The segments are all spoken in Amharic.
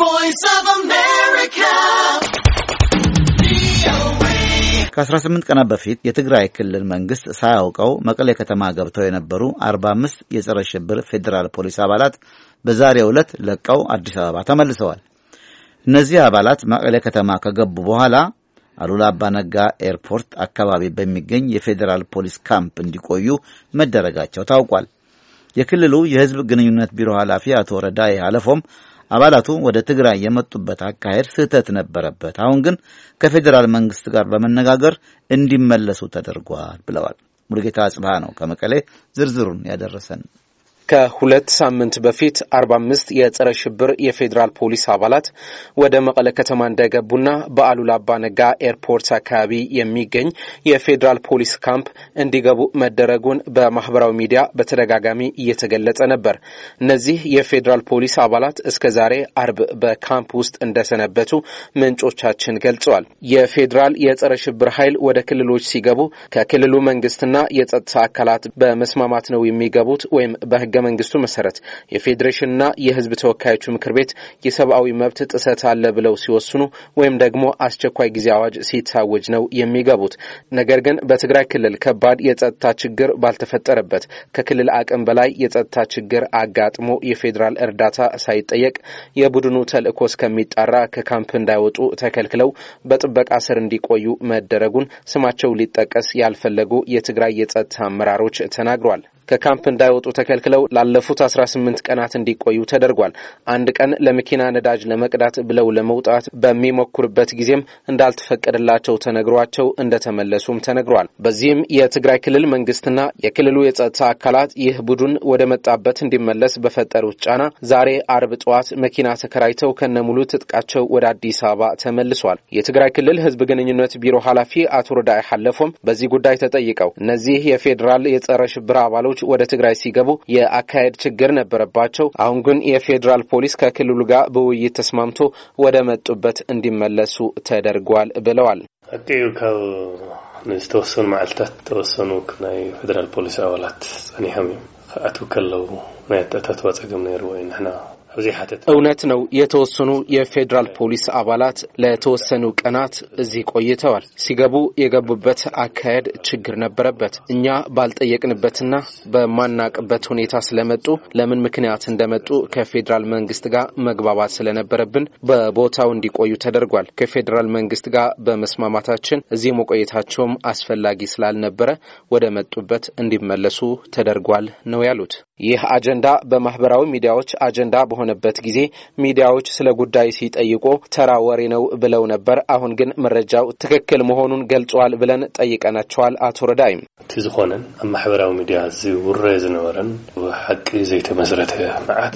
voice of America. ከ18 ቀናት በፊት የትግራይ ክልል መንግስት ሳያውቀው መቀሌ ከተማ ገብተው የነበሩ 45 የጸረ ሽብር ፌዴራል ፖሊስ አባላት በዛሬው ዕለት ለቀው አዲስ አበባ ተመልሰዋል። እነዚህ አባላት መቀሌ ከተማ ከገቡ በኋላ አሉላ አባነጋ ኤርፖርት አካባቢ በሚገኝ የፌዴራል ፖሊስ ካምፕ እንዲቆዩ መደረጋቸው ታውቋል። የክልሉ የሕዝብ ግንኙነት ቢሮ ኃላፊ አቶ ረዳኢ አለፎም አባላቱ ወደ ትግራይ የመጡበት አካሄድ ስህተት ነበረበት። አሁን ግን ከፌዴራል መንግስት ጋር በመነጋገር እንዲመለሱ ተደርጓል ብለዋል። ሙሉጌታ አጽብሃ ነው ከመቀሌ ዝርዝሩን ያደረሰን። ከሁለት ሳምንት በፊት አርባ አምስት የጸረ ሽብር የፌዴራል ፖሊስ አባላት ወደ መቀለ ከተማ እንደገቡና በአሉላ አባነጋ ነጋ ኤርፖርት አካባቢ የሚገኝ የፌዴራል ፖሊስ ካምፕ እንዲገቡ መደረጉን በማህበራዊ ሚዲያ በተደጋጋሚ እየተገለጸ ነበር። እነዚህ የፌዴራል ፖሊስ አባላት እስከ ዛሬ አርብ በካምፕ ውስጥ እንደሰነበቱ ምንጮቻችን ገልጸዋል። የፌዴራል የጸረ ሽብር ኃይል ወደ ክልሎች ሲገቡ ከክልሉ መንግስትና የጸጥታ አካላት በመስማማት ነው የሚገቡት ወይም በህገ መንግስቱ መሰረት የፌዴሬሽንና የህዝብ ተወካዮቹ ምክር ቤት የሰብአዊ መብት ጥሰት አለ ብለው ሲወስኑ ወይም ደግሞ አስቸኳይ ጊዜ አዋጅ ሲታወጅ ነው የሚገቡት። ነገር ግን በትግራይ ክልል ከባድ የጸጥታ ችግር ባልተፈጠረበት ከክልል አቅም በላይ የጸጥታ ችግር አጋጥሞ የፌዴራል እርዳታ ሳይጠየቅ የቡድኑ ተልእኮ እስከሚጣራ ከካምፕ እንዳይወጡ ተከልክለው በጥበቃ ስር እንዲቆዩ መደረጉን ስማቸው ሊጠቀስ ያልፈለጉ የትግራይ የጸጥታ አመራሮች ተናግሯል። ከካምፕ እንዳይወጡ ተከልክለው ላለፉት አስራ ስምንት ቀናት እንዲቆዩ ተደርጓል። አንድ ቀን ለመኪና ነዳጅ ለመቅዳት ብለው ለመውጣት በሚሞክሩበት ጊዜም እንዳልተፈቀደላቸው ተነግሯቸው እንደተመለሱም ተነግሯል። በዚህም የትግራይ ክልል መንግስትና የክልሉ የጸጥታ አካላት ይህ ቡድን ወደ መጣበት እንዲመለስ በፈጠሩት ጫና ዛሬ አርብ ጠዋት መኪና ተከራይተው ከነሙሉ ትጥቃቸው ወደ አዲስ አበባ ተመልሷል። የትግራይ ክልል ህዝብ ግንኙነት ቢሮ ኃላፊ አቶ ረዳኢ ሓለፎም በዚህ ጉዳይ ተጠይቀው እነዚህ የፌዴራል የጸረ ሽብር አባሎች ወደ ትግራይ ሲገቡ የአካሄድ ችግር ነበረባቸው። አሁን ግን የፌዴራል ፖሊስ ከክልሉ ጋር በውይይት ተስማምቶ ወደ መጡበት እንዲመለሱ ተደርጓል ብለዋል። ኣቂኡ ካብ ንዝተወሰኑ መዓልትታት ተወሰኑ ናይ ፌደራል ፖሊስ ኣባላት ፀኒሖም እዮም ክኣትዉ ከለዉ ናይ ኣጠታት ፀገም ነይርዎ እዩ ንሕና እውነት ነው። የተወሰኑ የፌዴራል ፖሊስ አባላት ለተወሰኑ ቀናት እዚህ ቆይተዋል። ሲገቡ የገቡበት አካሄድ ችግር ነበረበት። እኛ ባልጠየቅንበትና በማናቅበት ሁኔታ ስለመጡ ለምን ምክንያት እንደመጡ ከፌዴራል መንግስት ጋር መግባባት ስለነበረብን በቦታው እንዲቆዩ ተደርጓል። ከፌዴራል መንግስት ጋር በመስማማታችን እዚህ መቆየታቸውም አስፈላጊ ስላልነበረ ወደ መጡበት እንዲመለሱ ተደርጓል ነው ያሉት። ይህ አጀንዳ በማህበራዊ ሚዲያዎች አጀንዳ በሆነ በሆነበት ጊዜ ሚዲያዎች ስለ ጉዳይ ሲጠይቁ ተራ ወሬ ነው ብለው ነበር። አሁን ግን መረጃው ትክክል መሆኑን ገልጿል ብለን ጠይቀናቸዋል። አቶ ረዳይ እቲ ዝኾነን ኣብ ማሕበራዊ ሚዲያ ዝውረ ዝነበረን ሓቂ ዘይተመስረተ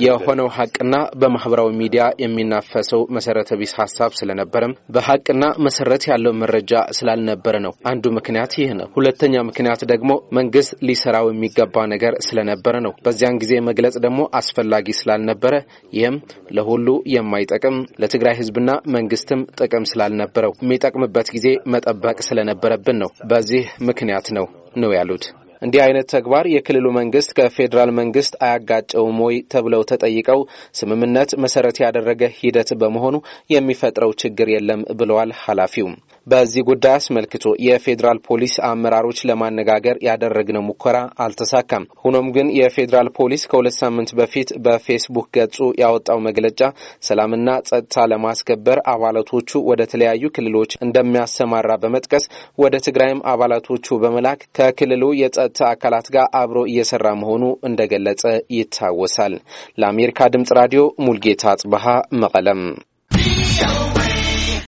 የሆነው ሀቅና በማህበራዊ ሚዲያ የሚናፈሰው መሰረተ ቢስ ሀሳብ ስለነበረም በሀቅና መሰረት ያለው መረጃ ስላልነበረ ነው። አንዱ ምክንያት ይህ ነው። ሁለተኛ ምክንያት ደግሞ መንግስት ሊሰራው የሚገባ ነገር ስለነበረ ነው። በዚያን ጊዜ መግለጽ ደግሞ አስፈላጊ ስላልነበረ ይህም ለሁሉ የማይጠቅም ለትግራይ ህዝብና መንግስትም ጥቅም ስላልነበረው የሚጠቅምበት ጊዜ መጠበቅ ስለነበረብን ነው። በዚህ ምክንያት ነው ነው ያሉት። እንዲህ አይነት ተግባር የክልሉ መንግስት ከፌዴራል መንግስት አያጋጨውም ወይ ተብለው ተጠይቀው ስምምነት መሰረት ያደረገ ሂደት በመሆኑ የሚፈጥረው ችግር የለም ብለዋል ኃላፊውም በዚህ ጉዳይ አስመልክቶ የፌዴራል ፖሊስ አመራሮች ለማነጋገር ያደረግነው ሙከራ አልተሳካም። ሆኖም ግን የፌዴራል ፖሊስ ከሁለት ሳምንት በፊት በፌስቡክ ገጹ ያወጣው መግለጫ ሰላምና ጸጥታ ለማስከበር አባላቶቹ ወደ ተለያዩ ክልሎች እንደሚያሰማራ በመጥቀስ ወደ ትግራይም አባላቶቹ በመላክ ከክልሉ የጸጥታ አካላት ጋር አብሮ እየሰራ መሆኑ እንደገለጸ ይታወሳል። ለአሜሪካ ድምጽ ራዲዮ ሙልጌታ አጽበሃ መቀለም